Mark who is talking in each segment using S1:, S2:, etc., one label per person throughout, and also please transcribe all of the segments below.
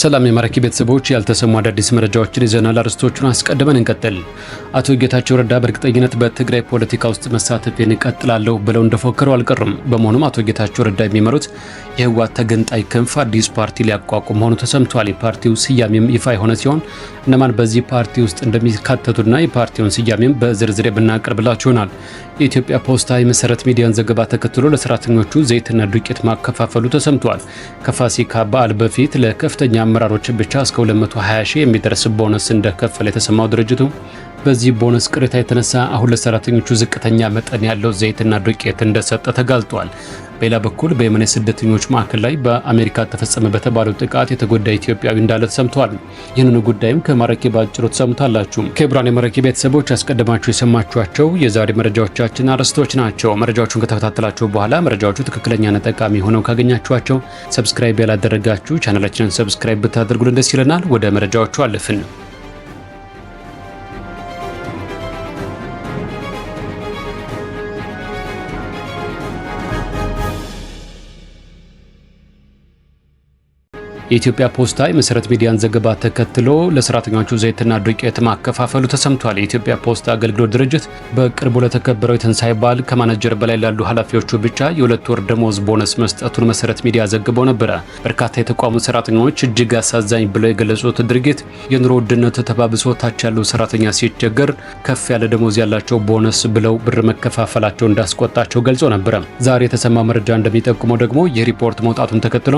S1: ሰላም የማራኪ ቤተሰቦች፣ ያልተሰሙ አዳዲስ መረጃዎችን ይዘናል። አርዕስቶቹን አስቀድመን እንቀጥል። አቶ ጌታቸው ረዳ በእርግጠኝነት በትግራይ ፖለቲካ ውስጥ መሳተፌን እቀጥላለሁ ብለው እንደፎከረው አልቀርም። በመሆኑም አቶ ጌታቸው ረዳ የሚመሩት የህወሓት ተገንጣይ ክንፍ አዲስ ፓርቲ ሊያቋቁም መሆኑ ተሰምቷል። የፓርቲው ስያሜም ይፋ የሆነ ሲሆን እነማን በዚህ ፓርቲ ውስጥ እንደሚካተቱና የፓርቲውን ስያሜም በዝርዝር ብናቀርብላችሁናል። የኢትዮጵያ ፖስታ የመሰረት ሚዲያን ዘገባ ተከትሎ ለሰራተኞቹ ዘይትና ዱቄት ማከፋፈሉ ተሰምቷል። ከፋሲካ በዓል በፊት ለከፍተኛ አመራሮች ብቻ እስከ 220 ሺህ የሚደርስ ቦነስ እንደከፈለ የተሰማው ድርጅቱ በዚህ ቦነስ ቅሬታ የተነሳ አሁን ለሰራተኞቹ ዝቅተኛ መጠን ያለው ዘይትና ዱቄት እንደሰጠ ተጋልጧል። በሌላ በኩል በየመን የስደተኞች ማዕከል ላይ በአሜሪካ ተፈጸመ በተባለው ጥቃት የተጎዳ ኢትዮጵያዊ እንዳለ ተሰምቷል። ይህንኑ ጉዳይም ከማረኬ በጭሮ ትሰሙታላችሁ። ከብራን የማራኪ ቤተሰቦች ያስቀድማችሁ የሰማችኋቸው የዛሬ መረጃዎቻችን አርዕስቶች ናቸው። መረጃዎቹን ከተከታተላችሁ በኋላ መረጃዎቹ ትክክለኛና ጠቃሚ ሆነው ካገኛችኋቸው ሰብስክራይብ ያላደረጋችሁ ቻናላችንን ሰብስክራይብ ብታደርጉልን ደስ ይለናል። ወደ መረጃዎቹ አለፍን። የኢትዮጵያ ፖስታ የመሰረት ሚዲያን ዘገባ ተከትሎ ለሰራተኞቹ ዘይትና ዱቄት ማከፋፈሉ ተሰምቷል። የኢትዮጵያ ፖስታ አገልግሎት ድርጅት በቅርቡ ለተከበረው የትንሳኤ በዓል ከማናጀር በላይ ላሉ ኃላፊዎቹ ብቻ የሁለት ወር ደሞዝ ቦነስ መስጠቱን መሰረት ሚዲያ ዘግበው ነበረ። በርካታ የተቋሙ ሰራተኞች እጅግ አሳዛኝ ብለው የገለጹት ድርጊት የኑሮ ውድነት ተባብሶ ታች ያለው ሰራተኛ ሲቸገር ከፍ ያለ ደሞዝ ያላቸው ቦነስ ብለው ብር መከፋፈላቸው እንዳስቆጣቸው ገልጾ ነበረ። ዛሬ የተሰማ መረጃ እንደሚጠቁመው ደግሞ የሪፖርት ሪፖርት መውጣቱን ተከትሎ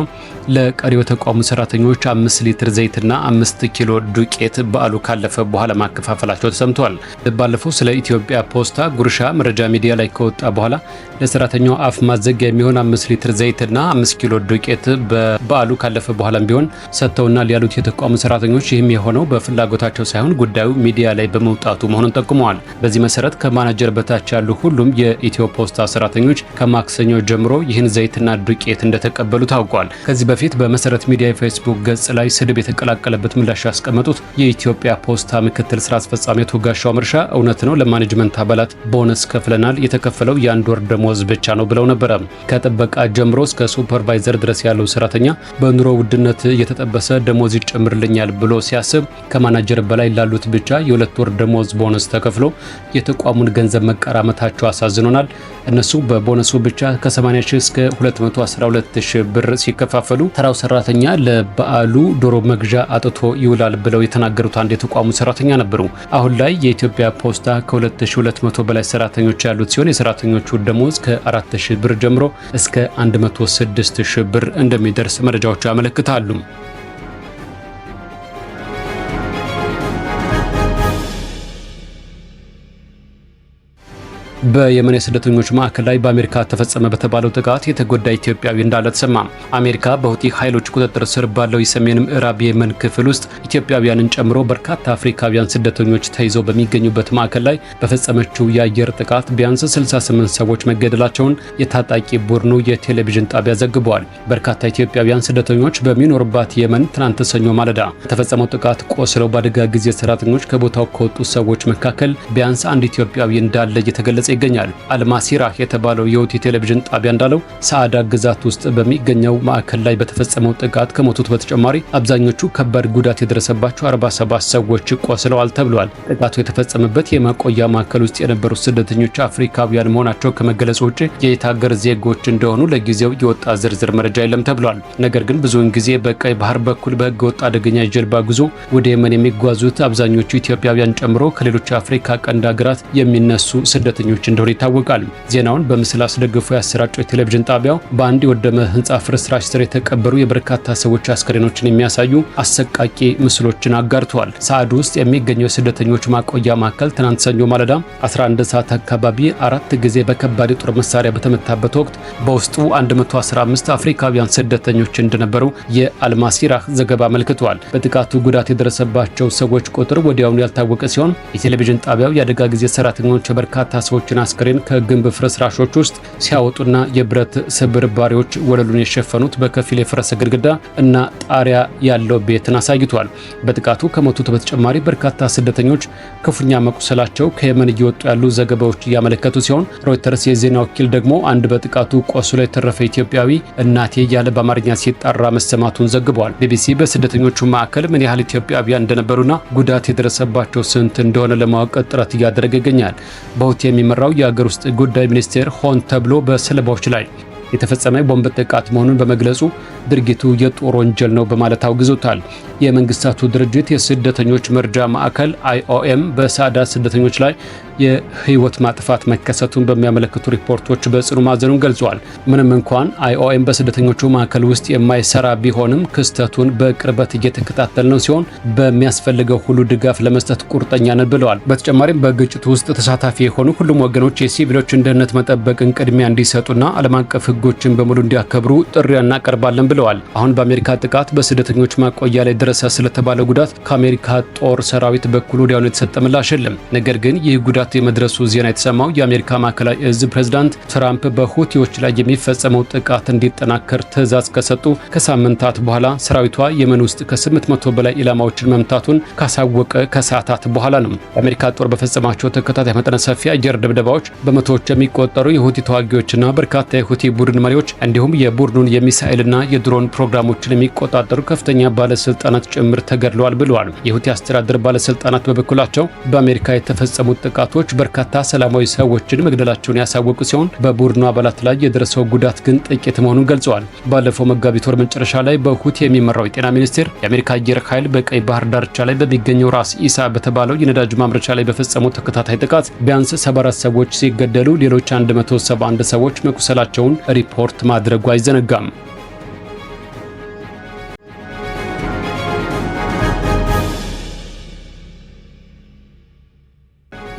S1: ለቀሪው ተቋሙ ለተቋሙ ሰራተኞች አምስት ሊትር ዘይትና አምስት ኪሎ ዱቄት በዓሉ ካለፈ በኋላ ማከፋፈላቸው ተሰምተዋል። ባለፈው ስለ ኢትዮጵያ ፖስታ ጉርሻ መረጃ ሚዲያ ላይ ከወጣ በኋላ ለሰራተኛው አፍ ማዘጊያ የሚሆን አምስት ሊትር ዘይትና አምስት ኪሎ ዱቄት በበዓሉ ካለፈ በኋላም ቢሆን ሰጥተውናል ያሉት የተቋሙ ሰራተኞች ይህም የሆነው በፍላጎታቸው ሳይሆን ጉዳዩ ሚዲያ ላይ በመውጣቱ መሆኑን ጠቁመዋል። በዚህ መሰረት ከማናጀር በታች ያሉ ሁሉም የኢትዮ ፖስታ ሰራተኞች ከማክሰኞ ጀምሮ ይህን ዘይትና ዱቄት እንደተቀበሉ ታውቋል። ከዚህ በፊት በመሰረት ሚዲያ የፌስቡክ ገጽ ላይ ስድብ የተቀላቀለበት ምላሽ ያስቀመጡት የኢትዮጵያ ፖስታ ምክትል ስራ አስፈጻሚ አቶ ጋሻው መርሻ እውነት ነው ለማኔጅመንት አባላት ቦነስ ከፍለናል፣ የተከፈለው የአንድ ወር ደሞዝ ብቻ ነው ብለው ነበረ። ከጥበቃ ጀምሮ እስከ ሱፐርቫይዘር ድረስ ያለው ሰራተኛ በኑሮ ውድነት እየተጠበሰ ደሞዝ ይጨምርልኛል ብሎ ሲያስብ ከማናጀር በላይ ላሉት ብቻ የሁለት ወር ደሞዝ ቦነስ ተከፍሎ የተቋሙን ገንዘብ መቀራመታቸው አሳዝኖናል። እነሱ በቦነሱ ብቻ ከ80 ሺህ እስከ 212 ሺህ ብር ሲከፋፈሉ ተራው ሰራተኛ ለበዓሉ ዶሮ መግዣ አጥቶ ይውላል ብለው የተናገሩት አንድ የተቋሙ ሰራተኛ ነበሩ። አሁን ላይ የኢትዮጵያ ፖስታ ከ2200 በላይ ሰራተኞች ያሉት ሲሆን የሰራተኞቹ ደሞዝ ከ4000 ብር ጀምሮ እስከ 106000 ብር እንደሚደርስ መረጃዎቹ ያመለክታሉ። በየመን የስደተኞች ማዕከል ላይ በአሜሪካ ተፈጸመ በተባለው ጥቃት የተጎዳ ኢትዮጵያዊ እንዳለ ተሰማ። አሜሪካ በሁቲ ኃይሎች ቁጥጥር ስር ባለው የሰሜን ምዕራብ የመን ክፍል ውስጥ ኢትዮጵያውያንን ጨምሮ በርካታ አፍሪካውያን ስደተኞች ተይዘው በሚገኙበት ማዕከል ላይ በፈጸመችው የአየር ጥቃት ቢያንስ 68 ሰዎች መገደላቸውን የታጣቂ ቡድኑ የቴሌቪዥን ጣቢያ ዘግቧል። በርካታ ኢትዮጵያውያን ስደተኞች በሚኖርባት የመን ትናንት ሰኞ ማለዳ በተፈጸመው ጥቃት ቆስለው በአደጋ ጊዜ ሰራተኞች ከቦታው ከወጡ ሰዎች መካከል ቢያንስ አንድ ኢትዮጵያዊ እንዳለ እየተገለጸ ይገኛል። አልማሲራ የተባለው የውቲ ቴሌቪዥን ጣቢያ እንዳለው ሰዓዳ ግዛት ውስጥ በሚገኘው ማዕከል ላይ በተፈጸመው ጥቃት ከሞቱት በተጨማሪ አብዛኞቹ ከባድ ጉዳት የደረሰባቸው 47 ሰዎች ቆስለዋል ተብሏል። ጥቃቱ የተፈጸመበት የማቆያ ማዕከል ውስጥ የነበሩት ስደተኞች አፍሪካውያን መሆናቸው ከመገለጹ ውጭ የየት ዜጎች እንደሆኑ ለጊዜው የወጣ ዝርዝር መረጃ የለም ተብሏል። ነገር ግን ብዙውን ጊዜ በቀይ ባህር በኩል በህገ ወጥ አደገኛ የጀልባ ጉዞ ወደ የመን የሚጓዙት አብዛኞቹ ኢትዮጵያውያን ጨምሮ ከሌሎች የአፍሪካ ቀንድ ሀገራት የሚነሱ ስደተኞች ነዋሪዎች እንደሆነ ይታወቃል። ዜናውን በምስል አስደግፎ ያሰራጨው የቴሌቪዥን ጣቢያው በአንድ የወደመ ህንፃ ፍርስራሽ ስር የተቀበሩ የበርካታ ሰዎች አስከሬኖችን የሚያሳዩ አሰቃቂ ምስሎችን አጋርተዋል። ሳዕድ ውስጥ የሚገኘው የስደተኞች ማቆያ ማዕከል ትናንት ሰኞ ማለዳ 11 ሰዓት አካባቢ አራት ጊዜ በከባድ የጦር መሳሪያ በተመታበት ወቅት በውስጡ 115 አፍሪካውያን ስደተኞች እንደነበሩ የአልማሲራህ ዘገባ አመልክተዋል። በጥቃቱ ጉዳት የደረሰባቸው ሰዎች ቁጥር ወዲያውኑ ያልታወቀ ሲሆን የቴሌቪዥን ጣቢያው የአደጋ ጊዜ ሰራተኞች በርካታ ሰዎች የሟቾችን አስክሬን ከግንብ ፍርስራሾች ውስጥ ሲያወጡና የብረት ስብርባሪዎች ወለሉን የሸፈኑት በከፊል የፈረሰ ግድግዳ እና ጣሪያ ያለው ቤትን አሳይቷል። በጥቃቱ ከሞቱት በተጨማሪ በርካታ ስደተኞች ክፉኛ መቁሰላቸው ከየመን እየወጡ ያሉ ዘገባዎች እያመለከቱ ሲሆን ሮይተርስ የዜና ወኪል ደግሞ አንድ በጥቃቱ ቆስሎ የተረፈ ኢትዮጵያዊ እናቴ እያለ በአማርኛ ሲጣራ መሰማቱን ዘግቧል። ቢቢሲ በስደተኞቹ ማዕከል ምን ያህል ኢትዮጵያውያን እንደነበሩና ጉዳት የደረሰባቸው ስንት እንደሆነ ለማወቅ ጥረት እያደረገ ይገኛል። በሁቲ የሚመራው የሚመራው የአገር ውስጥ ጉዳይ ሚኒስቴር ሆን ተብሎ በሰለባዎች ላይ የተፈጸመ ቦምብ ጥቃት መሆኑን በመግለጹ ድርጊቱ የጦር ወንጀል ነው በማለት አውግዞታል። የመንግስታቱ ድርጅት የስደተኞች መርጃ ማዕከል አይኦኤም በሳዕዳ ስደተኞች ላይ የህይወት ማጥፋት መከሰቱን በሚያመለክቱ ሪፖርቶች በጽኑ ማዘኑን ገልጿል። ምንም እንኳን አይኦኤም በስደተኞቹ ማዕከል ውስጥ የማይሰራ ቢሆንም ክስተቱን በቅርበት እየተከታተል ነው ሲሆን በሚያስፈልገው ሁሉ ድጋፍ ለመስጠት ቁርጠኛ ነን ብለዋል። በተጨማሪም በግጭቱ ውስጥ ተሳታፊ የሆኑ ሁሉም ወገኖች የሲቪሎችን ደህንነት መጠበቅን ቅድሚያ እንዲሰጡና ዓለም አቀፍ ህጎችን በሙሉ እንዲያከብሩ ጥሪ እናቀርባለን ብለዋል። አሁን በአሜሪካ ጥቃት በስደተኞች ማቆያ ላይ ደረሰ ስለተባለ ጉዳት ከአሜሪካ ጦር ሰራዊት በኩል ወዲያውኑ የተሰጠ ምላሽ የለም። ነገር ግን ይህ ጉዳት ጉዳት የመድረሱ ዜና የተሰማው የአሜሪካ ማዕከላዊ እዝ ፕሬዝዳንት ትራምፕ በሁቲዎች ላይ የሚፈጸመው ጥቃት እንዲጠናከር ትዕዛዝ ከሰጡ ከሳምንታት በኋላ ሰራዊቷ የመን ውስጥ ከ800 በላይ ኢላማዎችን መምታቱን ካሳወቀ ከሰዓታት በኋላ ነው። የአሜሪካ ጦር በፈጸማቸው ተከታታይ መጠነ ሰፊ አየር ድብደባዎች በመቶዎች የሚቆጠሩ የሁቲ ተዋጊዎችና በርካታ የሁቲ ቡድን መሪዎች እንዲሁም የቡድኑን የሚሳኤልና የድሮን ፕሮግራሞችን የሚቆጣጠሩ ከፍተኛ ባለስልጣናት ጭምር ተገድለዋል ብለዋል። የሁቲ አስተዳደር ባለስልጣናት በበኩላቸው በአሜሪካ የተፈጸሙት ጥቃቶች ጥቃቶች በርካታ ሰላማዊ ሰዎችን መግደላቸውን ያሳወቁ ሲሆን በቡድኑ አባላት ላይ የደረሰው ጉዳት ግን ጥቂት መሆኑን ገልጸዋል። ባለፈው መጋቢት ወር መጨረሻ ላይ በሁቲ የሚመራው የጤና ሚኒስቴር የአሜሪካ አየር ኃይል በቀይ ባህር ዳርቻ ላይ በሚገኘው ራስ ኢሳ በተባለው የነዳጅ ማምረቻ ላይ በፈጸመው ተከታታይ ጥቃት ቢያንስ 74 ሰዎች ሲገደሉ ሌሎች 171 ሰዎች መቁሰላቸውን ሪፖርት ማድረጉ አይዘነጋም።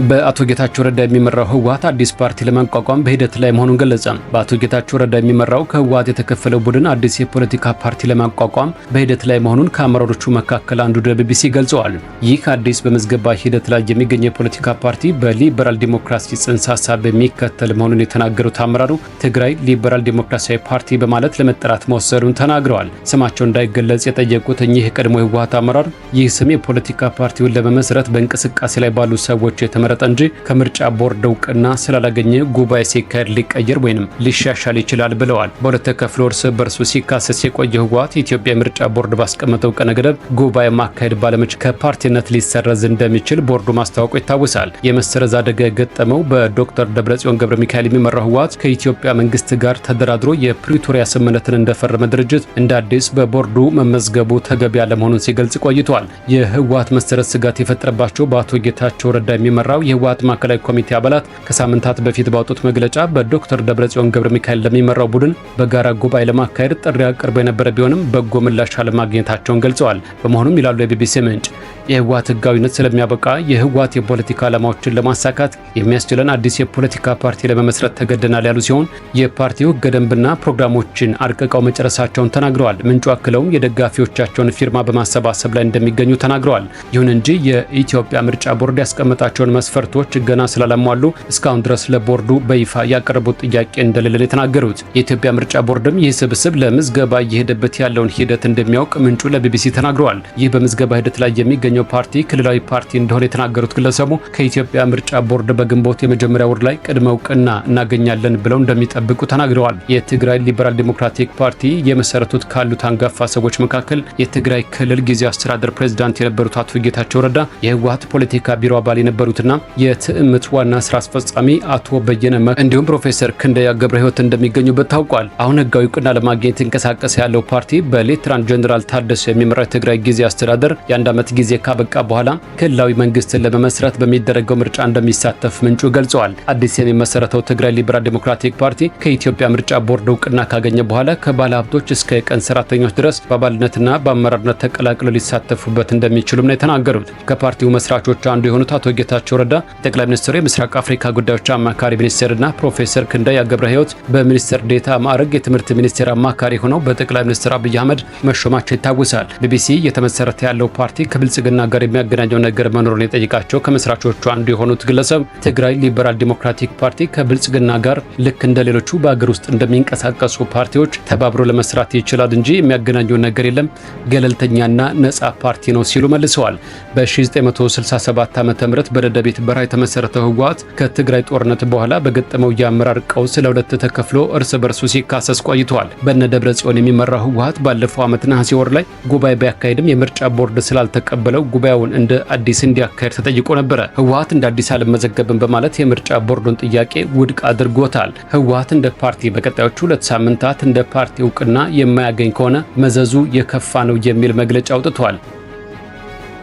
S1: በአቶ ጌታቸው ረዳ የሚመራው ህወሀት አዲስ ፓርቲ ለማቋቋም በሂደት ላይ መሆኑን ገለጸ። በአቶ ጌታቸው ረዳ የሚመራው ከህወሀት የተከፈለው ቡድን አዲስ የፖለቲካ ፓርቲ ለማቋቋም በሂደት ላይ መሆኑን ከአመራሮቹ መካከል አንዱ ለቢቢሲ ገልጸዋል። ይህ አዲስ በመዝገባ ሂደት ላይ የሚገኝ የፖለቲካ ፓርቲ በሊበራል ዲሞክራሲ ጽንሰ ሀሳብ የሚከተል መሆኑን የተናገሩት አመራሩ ትግራይ ሊበራል ዲሞክራሲያዊ ፓርቲ በማለት ለመጠራት መወሰኑን ተናግረዋል። ስማቸው እንዳይገለጽ የጠየቁት እኚህ የቀድሞ የህወሀት አመራር ይህ ስም የፖለቲካ ፓርቲውን ለመመስረት በእንቅስቃሴ ላይ ባሉ ሰዎች የተመ ተመረጠ እንጂ ከምርጫ ቦርድ እውቅና ስላላገኘ ጉባኤ ሲካሄድ ሊቀየር ወይም ሊሻሻል ይችላል ብለዋል። በሁለት ተከፍሎ እርስ በርሱ ሲካሰስ የቆየ ህወሓት የኢትዮጵያ ምርጫ ቦርድ ባስቀመጠው ቀነ ገደብ ጉባኤ ማካሄድ ባለመች ከፓርቲነት ሊሰረዝ እንደሚችል ቦርዱ ማስታወቁ ይታወሳል። የመሰረዝ አደጋ የገጠመው በዶክተር ደብረጽዮን ገብረ ሚካኤል የሚመራው ህወሓት ከኢትዮጵያ መንግስት ጋር ተደራድሮ የፕሪቶሪያ ስምምነትን እንደፈረመ ድርጅት እንደ አዲስ በቦርዱ መመዝገቡ ተገቢ ያለመሆኑን ሲገልጽ ቆይቷል። የህወሓት መሰረዝ ስጋት የፈጠረባቸው በአቶ ጌታቸው ረዳ የሚመራ የጠራው የህወሀት ማዕከላዊ ኮሚቴ አባላት ከሳምንታት በፊት ባወጡት መግለጫ በዶክተር ደብረጽዮን ገብረ ሚካኤል ለሚመራው ቡድን በጋራ ጉባኤ ለማካሄድ ጥሪ አቅርቦ የነበረ ቢሆንም በጎ ምላሽ አለማግኘታቸውን ገልጸዋል። በመሆኑም ይላሉ የቢቢሲ ምንጭ የህወሓት ህጋዊነት ስለሚያበቃ የህወሓት የፖለቲካ ዓላማዎችን ለማሳካት የሚያስችለን አዲስ የፖለቲካ ፓርቲ ለመመስረት ተገደናል ያሉ ሲሆን የፓርቲው ህገ ደንብና ፕሮግራሞችን አርቅቀው መጨረሳቸውን ተናግረዋል። ምንጩ አክለውም የደጋፊዎቻቸውን ፊርማ በማሰባሰብ ላይ እንደሚገኙ ተናግረዋል። ይሁን እንጂ የኢትዮጵያ ምርጫ ቦርድ ያስቀመጣቸውን መስፈርቶች ገና ስላላሟሉ እስካሁን ድረስ ለቦርዱ በይፋ ያቀረቡት ጥያቄ እንደሌለን የተናገሩት የኢትዮጵያ ምርጫ ቦርድም ይህ ስብስብ ለምዝገባ እየሄደበት ያለውን ሂደት እንደሚያውቅ ምንጩ ለቢቢሲ ተናግረዋል። ይህ በምዝገባ ሂደት ላይ የሚገኘው የሚገኘው ፓርቲ ክልላዊ ፓርቲ እንደሆነ የተናገሩት ግለሰቡ ከኢትዮጵያ ምርጫ ቦርድ በግንቦት የመጀመሪያ ወር ላይ ቅድመ እውቅና እናገኛለን ብለው እንደሚጠብቁ ተናግረዋል። የትግራይ ሊበራል ዲሞክራቲክ ፓርቲ የመሰረቱት ካሉት አንጋፋ ሰዎች መካከል የትግራይ ክልል ጊዜ አስተዳደር ፕሬዚዳንት የነበሩት አቶ ጌታቸው ረዳ፣ የህወሀት ፖለቲካ ቢሮ አባል የነበሩትና የትዕምት ዋና ስራ አስፈጻሚ አቶ በየነ መ እንዲሁም ፕሮፌሰር ክንደያ ገብረ ህይወት እንደሚገኙበት ታውቋል። አሁን ህጋዊ እውቅና ለማግኘት እንቀሳቀስ ያለው ፓርቲ በሌትራን ጀኔራል ታደሰ የሚመራው የትግራይ ጊዜ አስተዳደር የአንድ ዓመት ጊዜ ካበቃ በኋላ ክልላዊ መንግስትን ለመመስረት በሚደረገው ምርጫ እንደሚሳተፍ ምንጩ ገልጸዋል። አዲስ የሚመሰረተው ትግራይ ሊበራል ዴሞክራቲክ ፓርቲ ከኢትዮጵያ ምርጫ ቦርድ እውቅና ካገኘ በኋላ ከባለ ሀብቶች እስከ የቀን ሰራተኞች ድረስ በአባልነትና በአመራርነት ተቀላቅለው ሊሳተፉበት እንደሚችሉም ነው የተናገሩት። ከፓርቲው መስራቾች አንዱ የሆኑት አቶ ጌታቸው ረዳ ጠቅላይ ሚኒስትሩ የምስራቅ አፍሪካ ጉዳዮች አማካሪ ሚኒስትርና ፕሮፌሰር ክንዳያ ገብረ ህይወት በሚኒስትር ዴታ ማዕረግ የትምህርት ሚኒስቴር አማካሪ ሆነው በጠቅላይ ሚኒስትር አብይ አህመድ መሾማቸው ይታወሳል። ቢቢሲ እየተመሰረተ ያለው ፓርቲ ከብልጽግ ብልጽግና ጋር የሚያገናኘው ነገር መኖሩን የጠይቃቸው ከመስራቾቹ አንዱ የሆኑት ግለሰብ ትግራይ ሊበራል ዲሞክራቲክ ፓርቲ ከብልጽግና ጋር ልክ እንደ ሌሎቹ በአገር ውስጥ እንደሚንቀሳቀሱ ፓርቲዎች ተባብሮ ለመስራት ይችላል እንጂ የሚያገናኘው ነገር የለም፣ ገለልተኛና ነጻ ፓርቲ ነው ሲሉ መልሰዋል። በ1967 ዓ ም በደደቤት በረሃ የተመሰረተው ህወሀት ከትግራይ ጦርነት በኋላ በገጠመው የአመራር ቀውስ ለሁለት ተከፍሎ እርስ በርሱ ሲካሰስ ቆይተዋል። በነ ደብረ ጽዮን የሚመራው ህወሀት ባለፈው ዓመት ነሐሴ ወር ላይ ጉባኤ ቢያካሄድም የምርጫ ቦርድ ስላልተቀበለው በሚባለው ጉባኤውን እንደ አዲስ እንዲያካሄድ ተጠይቆ ነበረ። ህወሀት እንደ አዲስ አልመዘገብም በማለት የምርጫ ቦርዱን ጥያቄ ውድቅ አድርጎታል። ህወሀት እንደ ፓርቲ በቀጣዮቹ ሁለት ሳምንታት እንደ ፓርቲ እውቅና የማያገኝ ከሆነ መዘዙ የከፋ ነው የሚል መግለጫ አውጥቷል።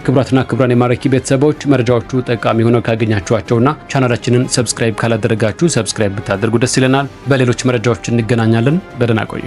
S1: ክቡራትና ክቡራን የማራኪ ቤተሰቦች መረጃዎቹ ጠቃሚ ሆነው ካገኛችኋቸውና ቻናላችንን ሰብስክራይብ ካላደረጋችሁ ሰብስክራይብ ብታደርጉ ደስ ይለናል። በሌሎች መረጃዎች እንገናኛለን። በደህና ቆዩ።